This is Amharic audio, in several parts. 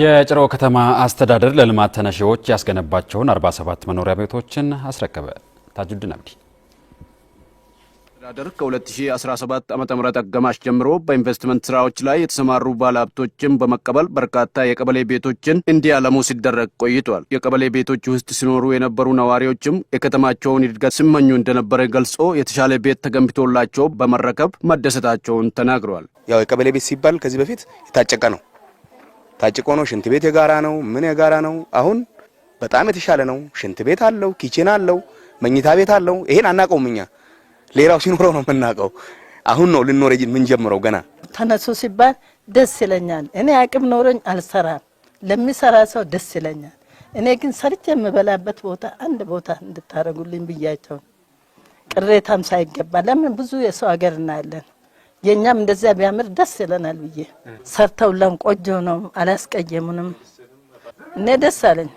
የጭሮ ከተማ አስተዳደር ለልማት ተነሺዎች ያስገነባቸውን 47 መኖሪያ ቤቶችን አስረከበ። ታጁድን አብዲ አስተዳደር ከ2017 ዓ ም አጋማሽ ጀምሮ በኢንቨስትመንት ስራዎች ላይ የተሰማሩ ባለሀብቶችን በመቀበል በርካታ የቀበሌ ቤቶችን እንዲያለሙ ሲደረግ ቆይቷል። የቀበሌ ቤቶች ውስጥ ሲኖሩ የነበሩ ነዋሪዎችም የከተማቸውን እድገት ሲመኙ እንደነበረ ገልጾ የተሻለ ቤት ተገንብቶላቸው በመረከብ መደሰታቸውን ተናግረዋል። ያው የቀበሌ ቤት ሲባል ከዚህ በፊት የታጨቀ ነው ታጭቆ ነው። ሽንት ቤት የጋራ ነው። ምን የጋራ ነው። አሁን በጣም የተሻለ ነው። ሽንት ቤት አለው፣ ኪችን አለው፣ መኝታ ቤት አለው። ይሄን አናውቀውም እኛ። ሌላው ሲኖረው ነው የምናውቀው። አሁን ነው ልንኖር የምንጀምረው። ገና ተነሱ ሲባል ደስ ይለኛል። እኔ አቅም ኖረኝ አልሰራም። ለሚሰራ ሰው ደስ ይለኛል። እኔ ግን ሰርቼ የምበላበት ቦታ አንድ ቦታ እንድታደርጉልኝ ብያቸው ቅሬታም ሳይገባ ለምን ብዙ የሰው ሀገር እናያለን የእኛም እንደዚያ ቢያምር ደስ ይለናል ብዬ ሰርተውለን ቆጆ ነው፣ አላስቀየሙንም። እኔ ደስ አለኝ።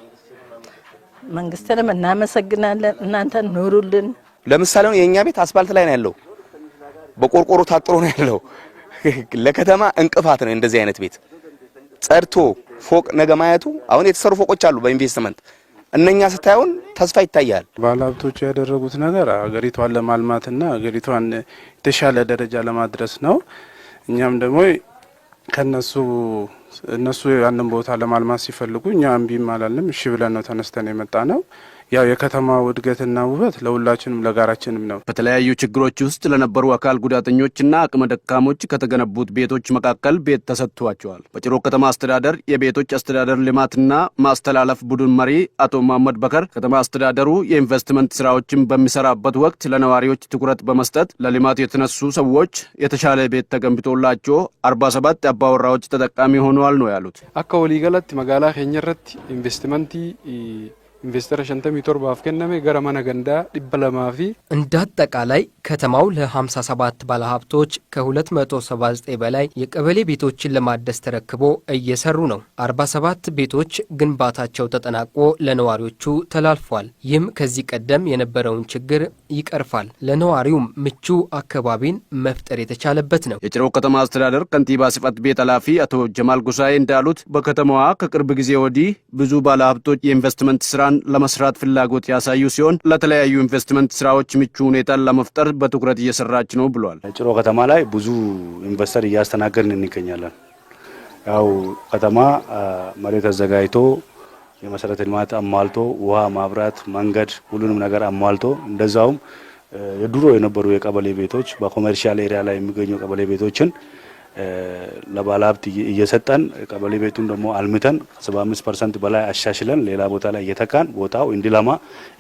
መንግስትንም እናመሰግናለን። እናንተ ኑሩልን። ለምሳሌ የእኛ ቤት አስፋልት ላይ ነው ያለው፣ በቆርቆሮ ታጥሮ ነው ያለው። ለከተማ እንቅፋት ነው እንደዚህ አይነት ቤት ጸድቶ ፎቅ ነገ ማየቱ። አሁን የተሰሩ ፎቆች አሉ በኢንቨስትመንት እነኛ ስታዩን ተስፋ ይታያል። ባለሀብቶቹ ያደረጉት ነገር ሀገሪቷን ለማልማትና ሀገሪቷን የተሻለ ደረጃ ለማድረስ ነው። እኛም ደግሞ ከነሱ እነሱ ያንን ቦታ ለማልማት ሲፈልጉ እኛ እምቢም አላልንም፣ እሺ ብለን ነው ተነስተን የመጣ ነው። ያው የከተማው እድገትና ውበት ለሁላችንም ለጋራችንም ነው። በተለያዩ ችግሮች ውስጥ ለነበሩ አካል ጉዳተኞችና አቅመ ደካሞች ከተገነቡት ቤቶች መካከል ቤት ተሰጥቷቸዋል። በጭሮ ከተማ አስተዳደር የቤቶች አስተዳደር ልማትና ማስተላለፍ ቡድን መሪ አቶ መሐመድ በከር ከተማ አስተዳደሩ የኢንቨስትመንት ስራዎችን በሚሰራበት ወቅት ለነዋሪዎች ትኩረት በመስጠት ለልማት የተነሱ ሰዎች የተሻለ ቤት ተገንብቶላቸው 47 አባወራዎች ተጠቃሚ ሆነዋል ነው ያሉት። አካወሊ ገለት መጋላ ኬኝረት ኢንቨስትመንት ኢንቨስተር ሸንተም ቶርባፍ ከነሜ ገረ ገንዳ ዲበ እንደ አጠቃላይ ከተማው ለ57 ባለሀብቶች ከ279 በላይ የቀበሌ ቤቶችን ለማደስ ተረክቦ እየሰሩ ነው። 47 ቤቶች ግንባታቸው ተጠናቆ ለነዋሪዎቹ ተላልፏል። ይህም ከዚህ ቀደም የነበረውን ችግር ይቀርፋል፣ ለነዋሪውም ምቹ አካባቢን መፍጠር የተቻለበት ነው። የጭሮ ከተማ አስተዳደር ከንቲባ ስፋት ቤት ኃላፊ አቶ ጀማል ጉሳኤ እንዳሉት በከተማዋ ከቅርብ ጊዜ ወዲህ ብዙ ባለሀብቶች የኢንቨስትመንት ስራ ስራን ለመስራት ፍላጎት ያሳዩ ሲሆን ለተለያዩ ኢንቨስትመንት ስራዎች ምቹ ሁኔታን ለመፍጠር በትኩረት እየሰራች ነው ብሏል። ጭሮ ከተማ ላይ ብዙ ኢንቨስተር እያስተናገድን እንገኛለን። ያው ከተማ መሬት አዘጋጅቶ የመሰረተ ልማት አሟልቶ ውሃ፣ ማብራት፣ መንገድ ሁሉንም ነገር አሟልቶ እንደዛውም የድሮ የነበሩ የቀበሌ ቤቶች በኮመርሻል ኤሪያ ላይ የሚገኙ ቀበሌ ቤቶችን ለባለሀብት እየሰጠን ቀበሌ ቤቱን ደግሞ አልምተን 75 ፐርሰንት በላይ አሻሽለን ሌላ ቦታ ላይ እየተካን ቦታው እንዲለማ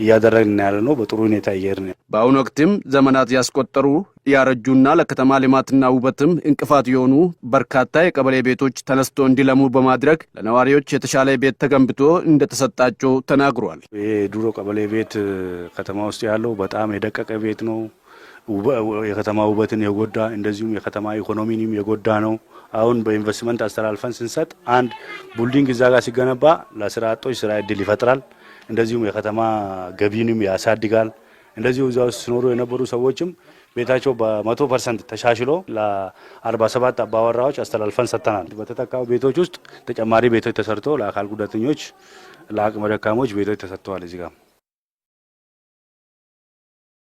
እያደረግን ያለ ነው። በጥሩ ሁኔታ እየሄድን በአሁኑ ወቅትም ዘመናት ያስቆጠሩ ያረጁና ለከተማ ልማትና ውበትም እንቅፋት የሆኑ በርካታ የቀበሌ ቤቶች ተነስቶ እንዲለሙ በማድረግ ለነዋሪዎች የተሻለ ቤት ተገንብቶ እንደተሰጣቸው ተናግሯል። ይሄ የድሮ ቀበሌ ቤት ከተማ ውስጥ ያለው በጣም የደቀቀ ቤት ነው። የከተማ ውበትን የጎዳ እንደዚሁም የከተማ ኢኮኖሚንም የጎዳ ነው። አሁን በኢንቨስትመንት አስተላልፈን ስንሰጥ አንድ ቡልዲንግ እዛ ጋር ሲገነባ ለስራ አጦች ስራ እድል ይፈጥራል። እንደዚሁም የከተማ ገቢንም ያሳድጋል። እንደዚሁ እዛ ውስጥ ሲኖሩ የነበሩ ሰዎችም ቤታቸው በመቶ ፐርሰንት ተሻሽሎ ለ47 አባወራዎች አስተላልፈን ሰጥተናል። በተጠቃሙ ቤቶች ውስጥ ተጨማሪ ቤቶች ተሰርቶ ለአካል ጉዳተኞች፣ ለአቅመ ደካሞች ቤቶች ተሰጥተዋል እዚህ ጋር